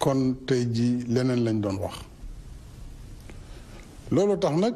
kon tey jii leneen lañ doon wax loolu tax nag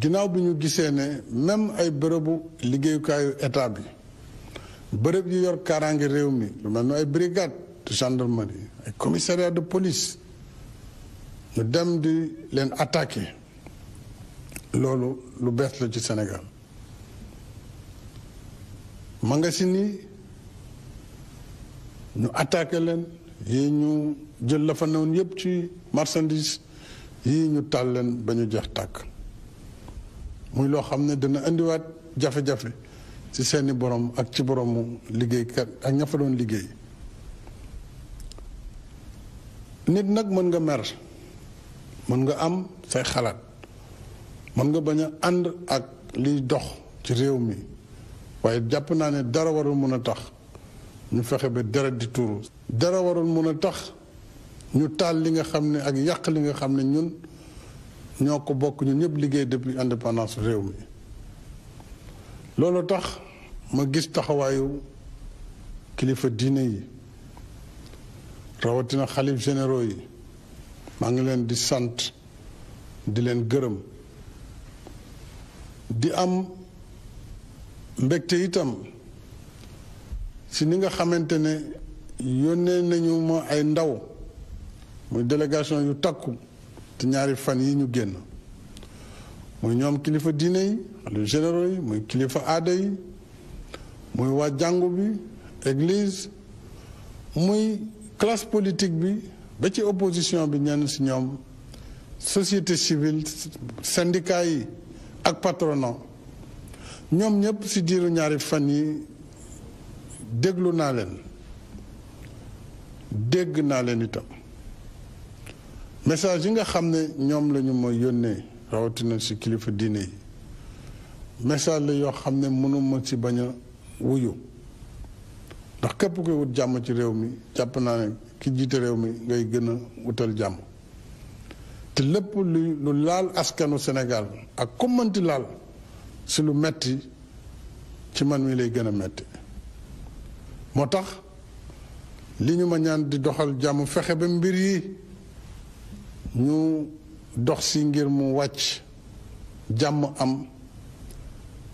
ginnaaw bi ñu gisee ne même ay bërëbu liggéeyukaayu état bi bërëb yu yor kaaraange réew mi lu mel ne ay brigade de gendarmerie ay commissariat de police ñu dem di leen attaquer loolu lu bees la ci Sénégal ma nga si nii ñu attaqué leen yi ñu jël la fa newoon yëpp ci marsandiis yi ñu taal leen ba ñu jeex tàkk muy loo xam ne dana indiwaat jafe-jafe ci seeni borom ak ci boromu liggéeykat ak ña fa doon liggéey nit nag mën nga mer mën nga am say xalaat mën nga bañ a ànd ak liy dox ci réew mi waaye jàpp naa ne dara warul mën a tax ñu fexe ba deret di tuuru dara warul mun a tax ñu taal li nga xam ne ak yàq li nga xam ne ñun ñoo ko bokk ñun ñëpp liggéey depuis indépendance réew mi loolu tax ma gis taxawaayu kilifa diine yi rawatina xalif généraux yi maa ngi leen di sant di leen gërëm di am mbegte itam si ni nga xamante ne yónnee nañu ma ay ndaw muy délégation yu takku te ñaari fan yi ñu génn muy ñoom kilifa diine yi lu généraux yi muy kilifa aada yi muy waa jàngu bi église muy classe politique bi ba ci opposition bi ñenn si ñoom société civile syndicat yi ak patronat ñoom ñëpp si diiru ñaari fan yi déglu naa leen dégg naa leen itam message yi nga xam ne ñoom lañu ñu ma yónnee rawatina ci kilifa diine yi message la yoo xam ne mënuma ci bañ a wuyu ndax képp koy wut jàmm ci réew mi jàpp naa ne ki jiite réew mi ngay gën a wutal jàmm te lépp lu lu laal askanu senegal ak kommanti laal si lu metti ci man mi lay gën a metti moo tax li ñu ma ñaan di doxal jàmm fexe ba mbir yi ñu dox si ngir mu wàcc jàmm am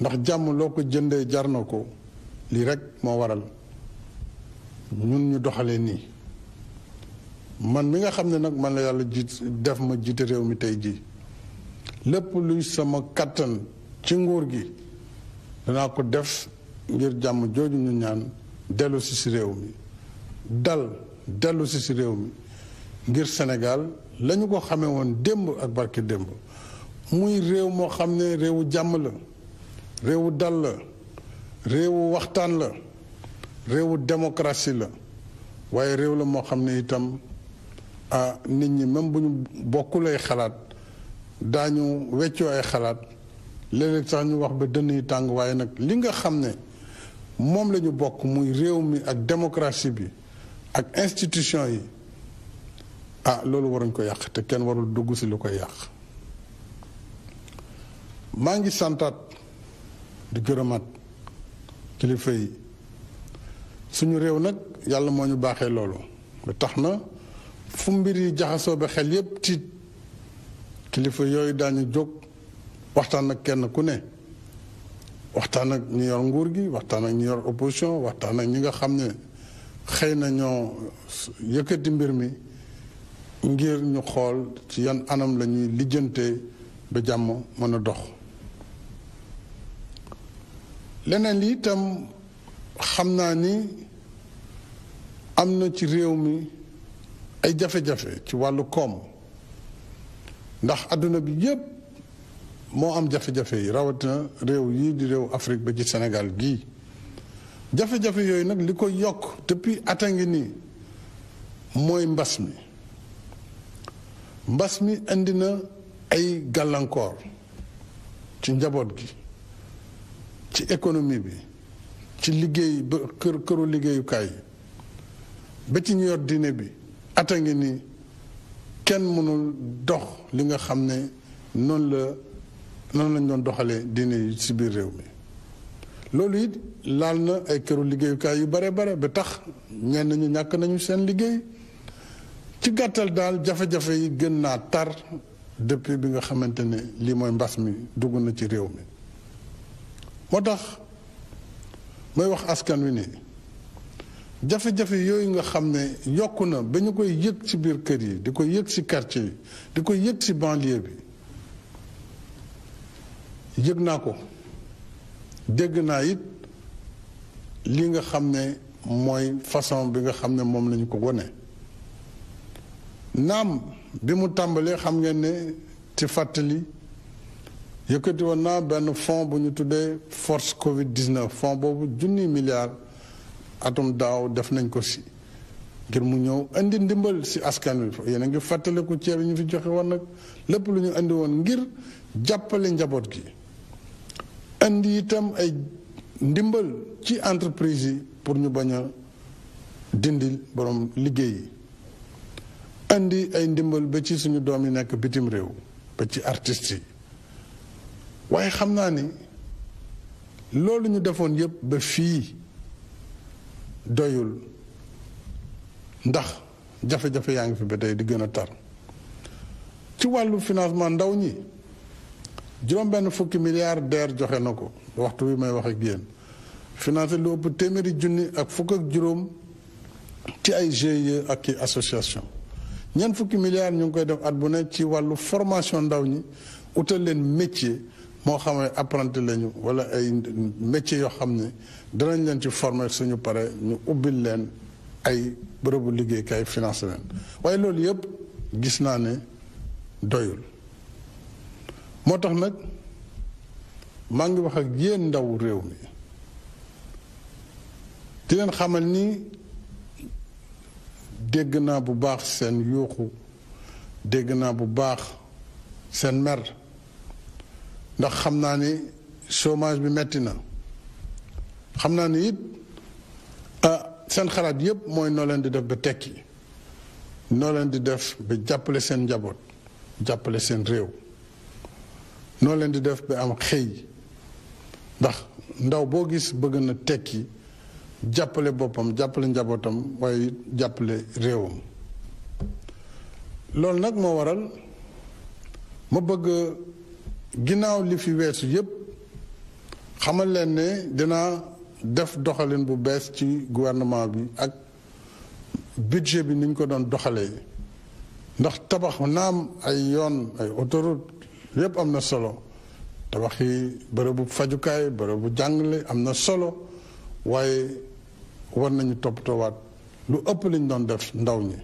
ndax jàmm loo ko jëndee jar na ko lii rekk moo waral ñun ñu doxalee nii man mi nga xam ne nag man la yàlla jiit def ma jiite réew mi tey jii lépp luy sama kàttan ci nguur gi danaa ko def ngir jàmm jooju ñu ñaan dellu si si réew mi dal dellu si si réew mi ngir Sénégal lañu ko xamee woon démb ak barke démb muy réew moo xam ne réewu jàmm la réewu dal la réewu waxtaan la réewu démocratie la waaye réew la moo xam ne itam ah nit ñi même bu ñu bokkul ay xalaat daañu weccoo ay xalaat léeg sax ñu wax ba dënn yi tàng waaye nag li nga xam ne moom lañu bokk muy réew mi ak démocratie bi ak institution yi ah loolu waruñ ko yàq te kenn warul dugg si lu koy yàq maa ngi santaat di gërëmaat kilifa yi suñu réew nag yàlla moo ñu baaxee loolu ba tax na fu mbir yi jaxasoo bi xel yépp tiit kilifa yooyu daañu jóg waxtaan ak kenn ku ne waxtaan ak ñi yor nguur gi waxtaan ak ñi yor opposition waxtaan nag ñi nga xam ne xëy na ñoo yëkkati mbir mi ngir ñu xool ci yan anam la ñuy lijjante ba jàmm mën a dox leneen li tam xam naa ni am na ci réew mi ay jafe-jafe ci wàllu koom ndax àdduna bi yépp moo am jafe-jafe yi rawatina réew yii di réew Afrique ba ci senegal gii jafe-jafe yooyu nag li ko yokk depuis at a ngi nii mooy mbas mi mbas mi indi na ay gàllankoor ci njaboot gi ci économie bi ci liggéey ba kër këru liggéeyukaay yi ba ci ñu yor bi at a ngi nii kenn mënul dox li nga xam ne noonu la noonu lañ doon doxalee diine yi ci biir réew mi loolu it laal na ay këru liggéeyukaay yu bare bare ba tax ñenn ñu ñàkk nañu seen liggéey ci gàttal daal jafe-jafe yi gën naa tar depuis bi nga xamante ne lii mooy mbas mi dugg na ci réew mi moo tax may wax askan wi ne jafe-jafe yooyu nga xam ne yokku na ba ñu koy yëg ci biir kër yi di ko yëg ci quartier yi di koy yëg ci banlieue bi yëg naa ko dégg naa it li nga xam ne mooy façon bi nga xam ne moom lañu ko wone naam bi mu tàmbalee xam ngeen ne ci fàttali yëkkati woon naa benn fonds bu ñu tuddee force Covid 19 fonds boobu junni milliards atum daaw def nañ ko si ngir mu ñëw indi ndimbal si askan wi yéen a ngi fàttaliku ceeb yi ñu fi joxe woon nag lépp lu ñu indi woon ngir jàppale njaboot gi. andi itam ay ndimbal ci entreprise yi pour ñu bañ a dindi boroom liggéey yi andi ay ndimbal ba ci suñu doom yi nekk bitim réew ba ci artistes yi waaye xam naa ni loolu ñu defoon yépp ba fii doyul ndax jafe-jafe yaa ngi fi ba tey di gën a tar ci wàllu financement ndaw ñi juróom-benn fukki milliardaire joxe na ko waxtu bi may wax ak yéen financé lu ëpp téeméeri junni ak fukk ak juróom ci ay GIE ak i association ñeent fukki milliards ñu ngi koy def at bu ne ci wàllu formation ndaw ñi utal leen métier moo xam ne apprenti lañu wala ay métier yoo xam ne danañ leen ci forme suñu pare ñu ubbil leen ay bërëbu liggéeykaay financé leen waaye loolu yëpp gis naa ne doyul moo tax nag maa ngi wax ak yéen ndaw réew mi di leen xamal ni dégg naa bu baax seen yuuxu dégg naa bu baax seen mer ndax xam naa ni chômage bi metti na xam naa ni it ah seen xalaat yépp mooy noo leen di def ba tekki noo leen di def ba jàppale seen njaboot jàppale seen réew noo leen di def bi am xëy ndax ndaw boo gis bëgg na tekki jàppale boppam jàppale njabootam waaye jàppale réewam loolu nag moo waral ma bëgg ginnaaw li fi weesu yépp xamal leen ne dinaa def doxalin bu bees ci gouvernement bi ak budget bi ni ñu ko doon doxalee ndax tabax naam ay yoon ay autoroute yëpp am na solo tabax yi bërëbu fajukaay bërëbu jàngale am na solo waaye war nañu toppatoowaat lu ëpp liñ doon def ndaw ñi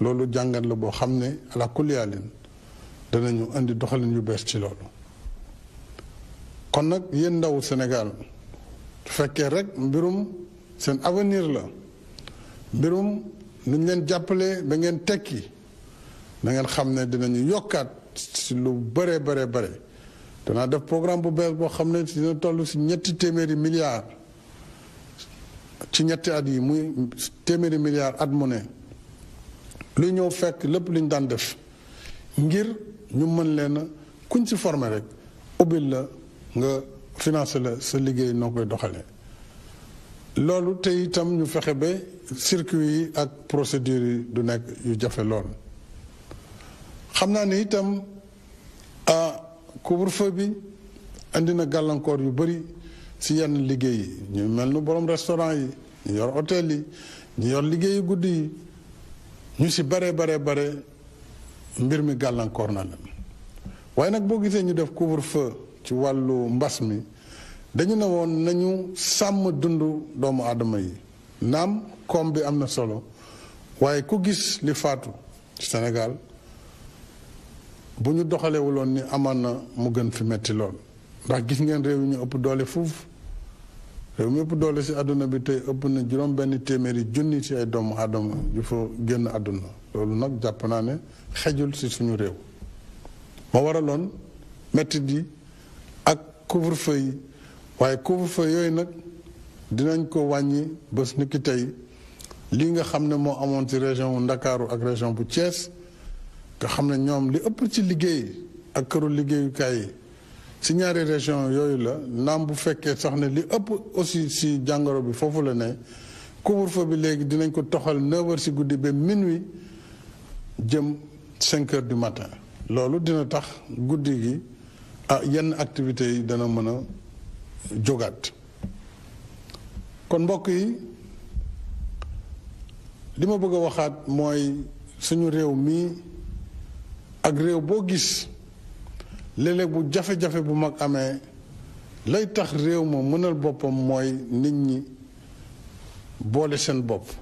loolu jàngat la boo xam ne ala kuliyaalin ñu indi doxalin yu bees ci loolu kon nag yéen ndaw Sénégal su fekkee rek mbirum seen avenir la mbirum nuñ leen jàppale ba ngeen tekki da ngeen xam ne dinañu yokkaat si lu bëree bëree bëri danaa def programme bu bees boo xam ne dina tollu si ñetti téeméeri milliards ci ñetti at yi muy téeméeri milliards at mu ne luy ñëw fekk lépp lu daan def ngir ñu mën leen kuñ si former rek ubbil la nga financer la sa liggéey noo koy doxalee. loolu te itam ñu fexe ba circuit yi ak procédure yi du nekk yu jafe lool xam naa ne itam. couvre-feu bi andi na gàllankoor yu bëri si yenn liggéey yi ñu mel nu borom restaurant yi ñu yor hôtel yi ñu yor liggéeyu guddi yi ñu si bare bare bare mbir mi gàllankoor na la waaye nag boo gisee ñu def couvre-feu ci wàllu mbas mi dañu ne woon nañu sàmm dund doomu aadama yi naam koom bi am na solo waaye ku gis li faatu ci Sénégal bu ñu doxalewuloon ni amaan na mu gën fi metti lool ndax gis ngeen réew yi ñu ëpp doole fuuf réew mi ëpp doole si àdduna bi tey ëpp na juróom benn téeméeri junni si ay doomu aadama yu génn àdduna loolu nag jàpp naa ne xejul si suñu réew ma waraloon mettit yi ak couvre-feu yi waaye couvre-feu yooyu nag dinañ ko wàññi bés ni tey lii nga xam ne moo amoon ci région wu Ndakaaru ak région bu Thiès nga xam ne ñoom li ëpp ci liggéey ak këru liggéeyukaay yi si ñaari région yooyu la naam bu fekkee sax ne li ëpp aussi si jàngoro bi foofu la ne couvre-feu bi léegi dinañ ko toxal 9 si guddi ba minuit jëm 5 heures du matin loolu dina tax guddi gi ah yenn activités yi dana mën a jógaat kon mbokk yi li ma bëgg a waxaat mooy suñu réew mii ak réew boo gis léeg bu jafe-jafe bu mag amee lay tax réew ma mënal boppam mooy nit ñi boole seen bopp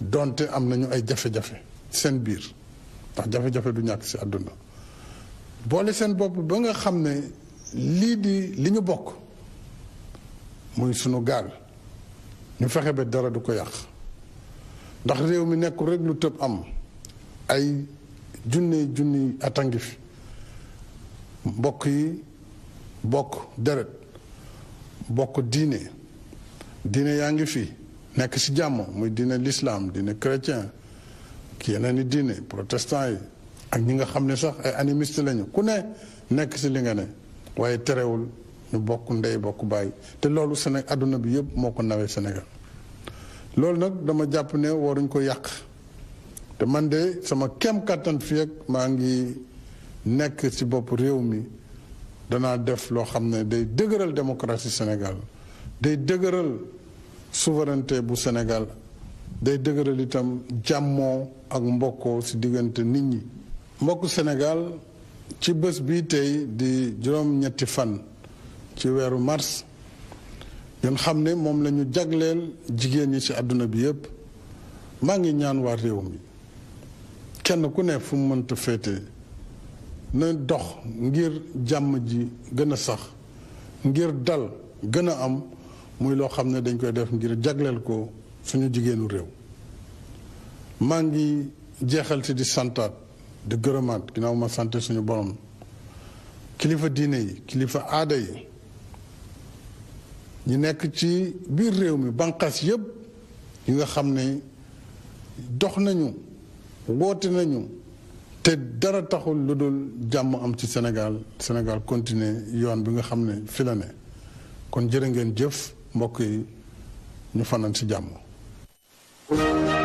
donte am nañu ay jafe-jafe seen biir ndax jafe-jafe du ñàkk ci àdduna boole seen bopp ba nga xam ne lii di li ñu bokk muy sunu gaal ñu fexe ba dara du ko yàq ndax réew mi nekkul rekk lu tëb am ay junni junni at a ngi fi mbokk yi bokk deret bokk diine diine yaa ngi fi nekk ci jàmm muy diine lislaam diine chrétien ki yeneen i diine protestant yi ak ñi nga xam ne sax ay animiste lañu ku ne nekk si li nga ne waaye terewul ñu bokk ndey bokk bàyyi te loolu Sénégal àdduna bi yëpp moo ko nawee Sénégal loolu nag dama jàpp ne waruñ ko yàq te man de sama kem kàttan fi ak maa ngi nekk ci bopp réew mi danaa def loo xam ne day dëgëral démocratie senegal day dëgëral souveraineté bu senegal day dëgëral itam jàmmoo ak mbokkoo ci diggante nit ñi mbokk senegal ci bés bii tey di juróom-ñetti fan ci weeru mars ngeen xam ne moom lañu jagleel jigéen ñi ci àdduna bi yépp maa ngi ñaan waa réew mi kenn ku ne fu mu mënta féete na dox ngir jàmm ji gën a sax ngir dal gën a am muy loo xam ne dañ koy def ngir jagleel ko suñu jigéenu réew maa ngi jeexal ci di santaat di gërëmaat ginnaaw ma sante suñu borom kilifa diine yi kilifa aada yi ñu nekk ci biir réew mi banqaas yépp yi nga xam ne dox nañu woote nañu te dara taxul lu dul jàmm am ci Sénégal Sénégal continuer yoon bi nga xam ne fi kon jërë ngeen jëf mbokk yi ñu fanaan ci jàmm